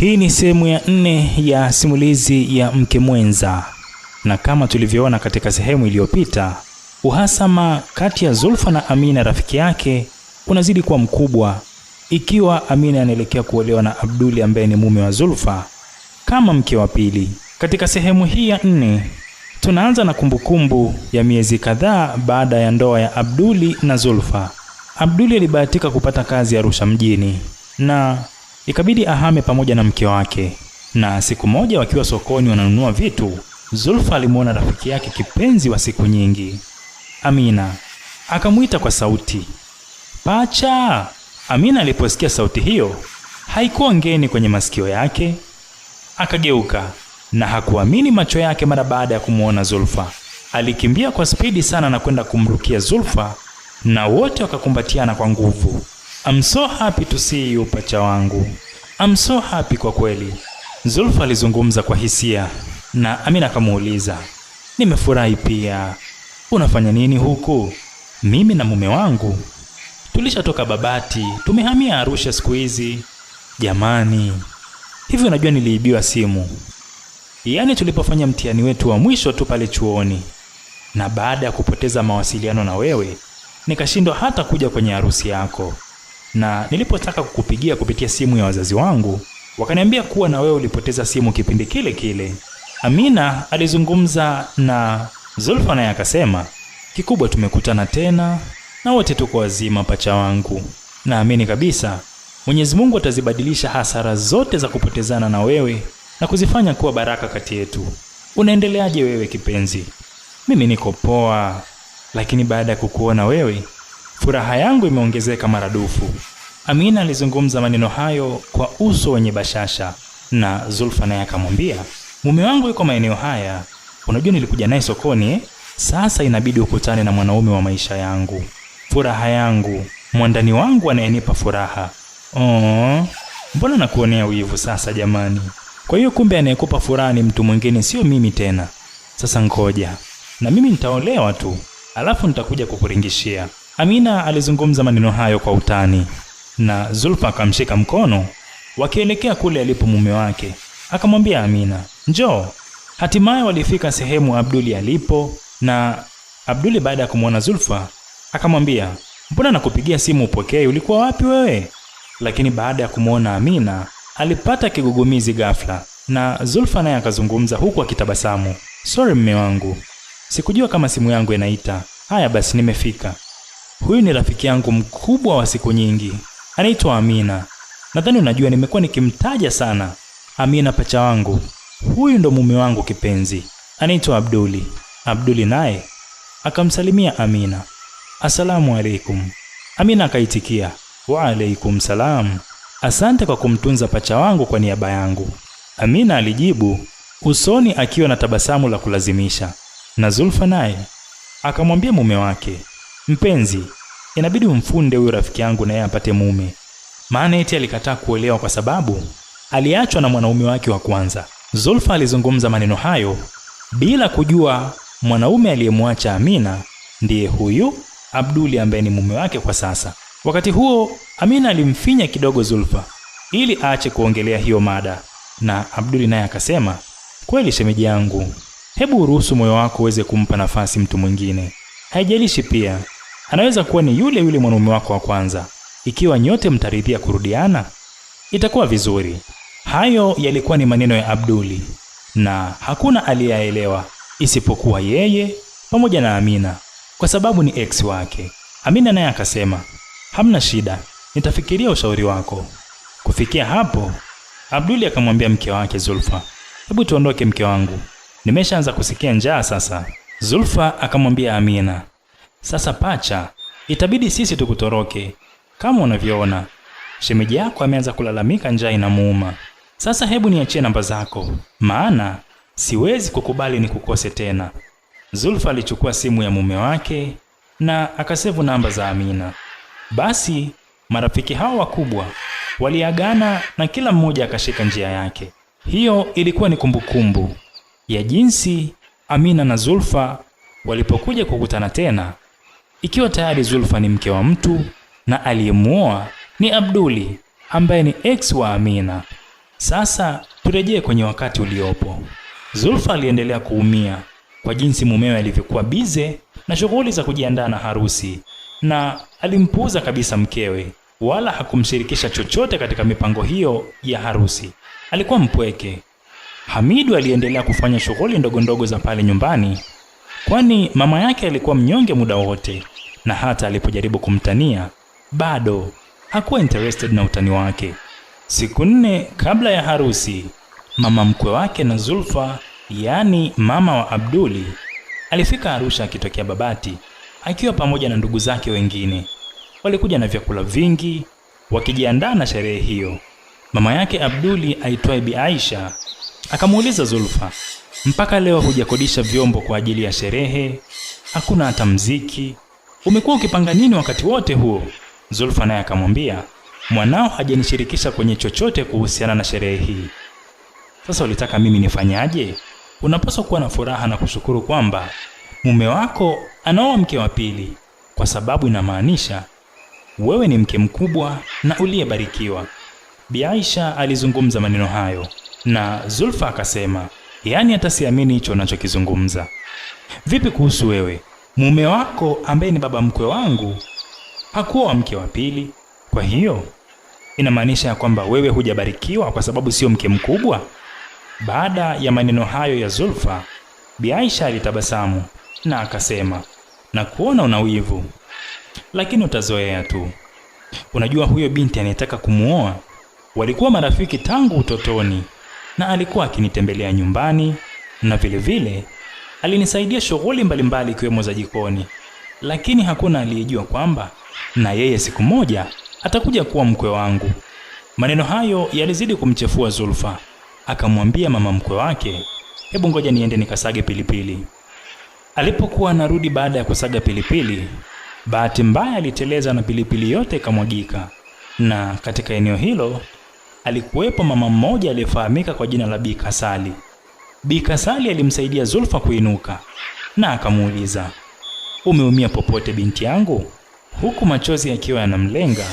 Hii ni sehemu ya nne ya simulizi ya mke mwenza, na kama tulivyoona katika sehemu iliyopita, uhasama kati ya Zulfa na Amina rafiki yake unazidi kuwa mkubwa, ikiwa Amina anaelekea kuolewa na Abduli ambaye ni mume wa Zulfa kama mke wa pili. Katika sehemu hii ya nne tunaanza na kumbukumbu ya miezi kadhaa baada ya ndoa ya Abduli na Zulfa. Abduli alibahatika kupata kazi Arusha mjini na Ikabidi ahame pamoja na mke wake, na siku moja wakiwa sokoni wananunua vitu, Zulfa alimwona rafiki yake kipenzi wa siku nyingi, Amina. Akamwita kwa sauti, Pacha. Amina aliposikia sauti hiyo, haikuwa ngeni kwenye masikio yake, akageuka na hakuamini macho yake mara baada ya kumwona Zulfa. Alikimbia kwa spidi sana na kwenda kumrukia Zulfa na wote wakakumbatiana kwa nguvu. I'm so happy to see you pacha wangu. I'm so happy kwa kweli. Zulfa alizungumza kwa hisia na Amina akamuuliza, nimefurahi pia. Unafanya nini huku? Mimi na mume wangu tulishatoka Babati, tumehamia Arusha siku hizi. Jamani, hivi unajua niliibiwa simu, yaani tulipofanya mtihani wetu wa mwisho tu pale chuoni, na baada ya kupoteza mawasiliano na wewe nikashindwa hata kuja kwenye harusi yako na nilipotaka kukupigia kupitia simu ya wazazi wangu wakaniambia kuwa na wewe ulipoteza simu kipindi kile kile. Amina alizungumza na Zulfa naye akasema, kikubwa tumekutana tena na wote tuko wazima, pacha wangu. Naamini kabisa Mwenyezi Mungu atazibadilisha hasara zote za kupotezana na wewe na kuzifanya kuwa baraka kati yetu. Unaendeleaje wewe kipenzi? Mimi niko poa, lakini baada ya kukuona wewe furaha yangu imeongezeka maradufu. Amina alizungumza maneno hayo kwa uso wenye bashasha, na Zulfa naye akamwambia, mume wangu yuko maeneo haya, unajua nilikuja naye sokoni eh? Sasa inabidi ukutane na mwanaume wa maisha yangu, furaha yangu, mwandani wangu anayenipa furaha. Oh, mbona nakuonea wivu sasa jamani? Kwa hiyo kumbe anayekupa furaha ni mtu mwingine, sio mimi tena. Sasa ngoja na mimi nitaolewa tu, alafu nitakuja kukuringishia. Amina alizungumza maneno hayo kwa utani na Zulfa akamshika mkono wakielekea kule alipo mume wake, akamwambia Amina, njoo. Hatimaye walifika sehemu Abduli alipo, na Abduli baada ya kumwona Zulfa akamwambia, mbona nakupigia simu upokee, ulikuwa wapi wewe? Lakini baada ya kumwona Amina alipata kigugumizi ghafla, na Zulfa naye akazungumza huku akitabasamu, sorry mme wangu, sikujua kama simu yangu inaita. Haya basi, nimefika. Huyu ni rafiki yangu mkubwa wa siku nyingi, anaitwa Amina. Nadhani unajua nimekuwa nikimtaja sana. Amina pacha wangu, huyu ndo mume wangu kipenzi, anaitwa Abduli. Abduli naye akamsalimia Amina, asalamu alaikum. Amina akaitikia waalaikum salam, asante kwa kumtunza pacha wangu kwa niaba yangu. Amina alijibu usoni akiwa na tabasamu la kulazimisha, na Zulfa naye akamwambia mume wake Mpenzi, inabidi umfunde huyo rafiki yangu naye apate mume, maana eti alikataa kuolewa kwa sababu aliachwa na mwanaume wake wa kwanza. Zulfa alizungumza maneno hayo bila kujua mwanaume aliyemwacha Amina ndiye huyu Abduli ambaye ni mume wake kwa sasa. Wakati huo Amina alimfinya kidogo Zulfa ili aache kuongelea hiyo mada, na Abduli naye akasema, kweli shemeji yangu, hebu uruhusu moyo wako uweze kumpa nafasi mtu mwingine, haijalishi pia anaweza kuwa ni yule yule mwanaume wako wa kwanza. Ikiwa nyote mtaridhia kurudiana, itakuwa vizuri. Hayo yalikuwa ni maneno ya Abduli na hakuna aliyeyaelewa isipokuwa yeye pamoja na Amina kwa sababu ni ex wake. Amina naye akasema, hamna shida, nitafikiria ushauri wako. Kufikia hapo, Abduli akamwambia mke wake Zulfa, hebu tuondoke mke wangu, nimeshaanza kusikia njaa sasa. Zulfa akamwambia Amina, sasa pacha, itabidi sisi tukutoroke. Kama unavyoona shemeji yako ameanza kulalamika, njaa inamuuma. Sasa hebu niachie namba zako, maana siwezi kukubali nikukose tena. Zulfa alichukua simu ya mume wake na akasevu namba za Amina. Basi marafiki hao wakubwa waliagana na kila mmoja akashika njia yake. Hiyo ilikuwa ni kumbukumbu ya jinsi Amina na Zulfa walipokuja kukutana tena. Ikiwa tayari Zulfa ni mke wa mtu na aliyemuoa ni Abduli ambaye ni ex wa Amina. Sasa turejee kwenye wakati uliopo. Zulfa aliendelea kuumia kwa jinsi mumewe alivyokuwa bize na shughuli za kujiandaa na harusi, na alimpuuza kabisa mkewe, wala hakumshirikisha chochote katika mipango hiyo ya harusi. Alikuwa mpweke. Hamidu aliendelea kufanya shughuli ndogo ndogo za pale nyumbani, kwani mama yake alikuwa mnyonge muda wote na hata alipojaribu kumtania bado hakuwa interested na utani wake. Siku nne kabla ya harusi, mama mkwe wake na Zulfa, yaani mama wa Abduli, alifika Arusha akitokea Babati akiwa pamoja na ndugu zake wengine. Walikuja na vyakula vingi wakijiandaa na sherehe hiyo. Mama yake Abduli aitwaye Bi Aisha akamuuliza Zulfa, mpaka leo hujakodisha vyombo kwa ajili ya sherehe? Hakuna hata mziki Umekuwa ukipanga nini wakati wote huo? Zulfa naye akamwambia, mwanao hajanishirikisha kwenye chochote kuhusiana na sherehe hii. Sasa ulitaka mimi nifanyaje? Unapaswa kuwa na furaha na kushukuru kwamba mume wako anaoa mke wa pili, kwa sababu inamaanisha wewe ni mke mkubwa na uliyebarikiwa. Bi Aisha alizungumza maneno hayo na Zulfa akasema, yaani hata siamini hicho unachokizungumza. Vipi kuhusu wewe? mume wako ambaye ni baba mkwe wangu hakuwa mke wa pili, kwa hiyo inamaanisha ya kwamba wewe hujabarikiwa kwa sababu sio mke mkubwa. Baada ya maneno hayo ya Zulfa, Bi Aisha alitabasamu na akasema, na kuona una wivu, lakini utazoea tu. Unajua, huyo binti anayetaka kumuoa walikuwa marafiki tangu utotoni na alikuwa akinitembelea nyumbani na vilevile alinisaidia shughuli mbalimbali ikiwemo za jikoni, lakini hakuna aliyejua kwamba na yeye siku moja atakuja kuwa mkwe wangu. Maneno hayo yalizidi kumchefua Zulfa. Akamwambia mama mkwe wake, hebu ngoja niende nikasage pilipili. Alipokuwa anarudi baada ya kusaga pilipili, bahati mbaya aliteleza na pilipili yote ikamwagika, na katika eneo hilo alikuwepo mama mmoja aliyefahamika kwa jina la Bi Kasali. Bi Kasali alimsaidia Zulfa kuinuka na akamuuliza, umeumia popote binti yangu? Huku machozi yakiwa yanamlenga,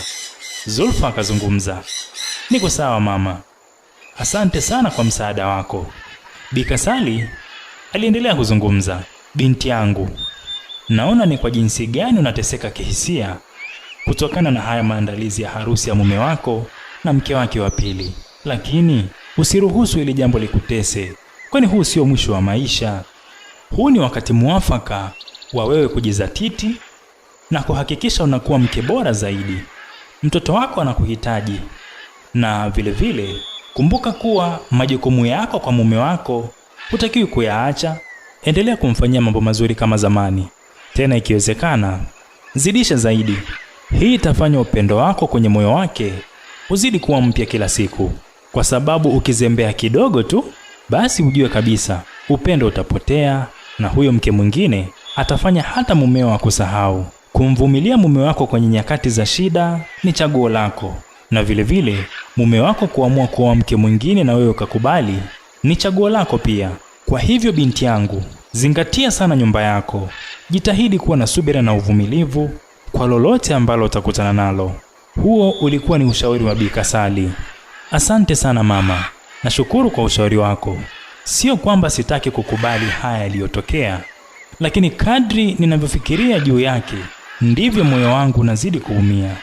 Zulfa akazungumza, niko sawa mama, asante sana kwa msaada wako. Bi Kasali aliendelea kuzungumza, binti yangu, naona ni kwa jinsi gani unateseka kihisia kutokana na haya maandalizi ya harusi ya mume wako na mke wake wa pili, lakini usiruhusu ili jambo likutese kwani huu sio mwisho wa maisha. Huu ni wakati mwafaka wa wewe kujizatiti na kuhakikisha unakuwa mke bora zaidi. Mtoto wako anakuhitaji, na vilevile vile, kumbuka kuwa majukumu yako kwa mume wako hutakiwi kuyaacha. Endelea kumfanyia mambo mazuri kama zamani, tena ikiwezekana zidisha zaidi. Hii itafanya upendo wako kwenye moyo wake uzidi kuwa mpya kila siku, kwa sababu ukizembea kidogo tu basi ujue kabisa upendo utapotea na huyo mke mwingine atafanya hata mumeo kusahau Kumvumilia mume wako kwenye nyakati za shida ni chaguo lako, na vilevile vile, mume wako kuamua kuoa mke mwingine na wewe ukakubali ni chaguo lako pia. Kwa hivyo, binti yangu, zingatia sana nyumba yako, jitahidi kuwa na subira na uvumilivu kwa lolote ambalo utakutana nalo. Huo ulikuwa ni ushauri wa Bi Kasali. Asante sana mama. Nashukuru kwa ushauri wako. Sio kwamba sitaki kukubali haya yaliyotokea, lakini kadri ninavyofikiria juu yake ndivyo moyo wangu unazidi kuumia.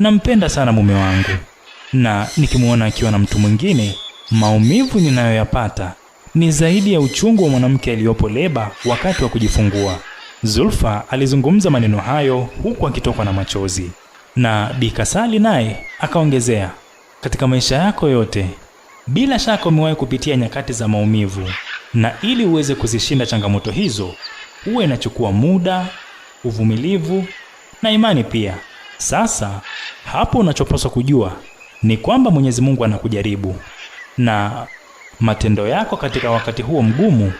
Nampenda sana mume wangu, na nikimwona akiwa na mtu mwingine, maumivu ninayoyapata ni zaidi ya uchungu wa mwanamke aliyopo leba wakati wa kujifungua. Zulfa alizungumza maneno hayo huku akitokwa na machozi, na bikasali naye akaongezea, katika maisha yako yote bila shaka umewahi kupitia nyakati za maumivu, na ili uweze kuzishinda changamoto hizo, huwa inachukua muda, uvumilivu na imani pia. Sasa hapo unachopaswa kujua ni kwamba Mwenyezi Mungu anakujaribu na matendo yako katika wakati huo mgumu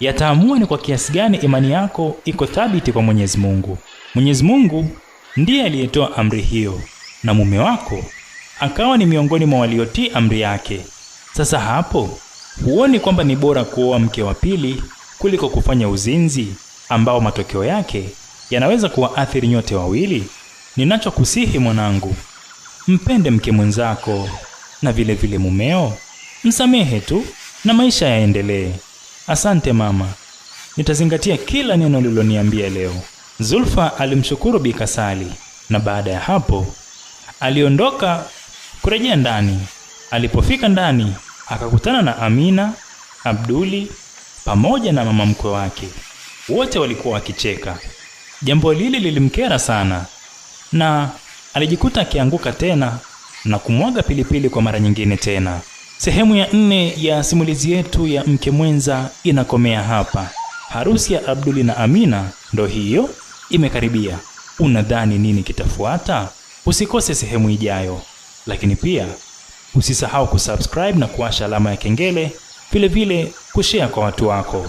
yataamua ni kwa kiasi gani imani yako iko thabiti kwa Mwenyezi Mungu. Mwenyezi Mungu ndiye aliyetoa amri hiyo na mume wako akawa ni miongoni mwa waliotii amri yake. Sasa hapo huoni kwamba ni bora kuoa mke wa pili kuliko kufanya uzinzi ambao matokeo yake yanaweza kuwaathiri nyote wawili? Ninachokusihi mwanangu, mpende mke mwenzako na vile vile mumeo, msamehe tu na maisha yaendelee. Asante mama, nitazingatia kila neno liloniambia leo. Zulfa alimshukuru bikasali na baada ya hapo aliondoka kurejea ndani. Alipofika ndani akakutana na Amina, Abduli pamoja na mama mkwe wake. Wote walikuwa wakicheka. Jambo lile lilimkera sana, na alijikuta akianguka tena na kumwaga pilipili kwa mara nyingine tena. Sehemu ya nne ya simulizi yetu ya Mke Mwenza inakomea hapa. Harusi ya Abduli na Amina ndo hiyo imekaribia. Unadhani nini kitafuata? Usikose sehemu ijayo, lakini pia Usisahau kusubscribe na kuwasha alama ya kengele, vilevile kushare kwa watu wako.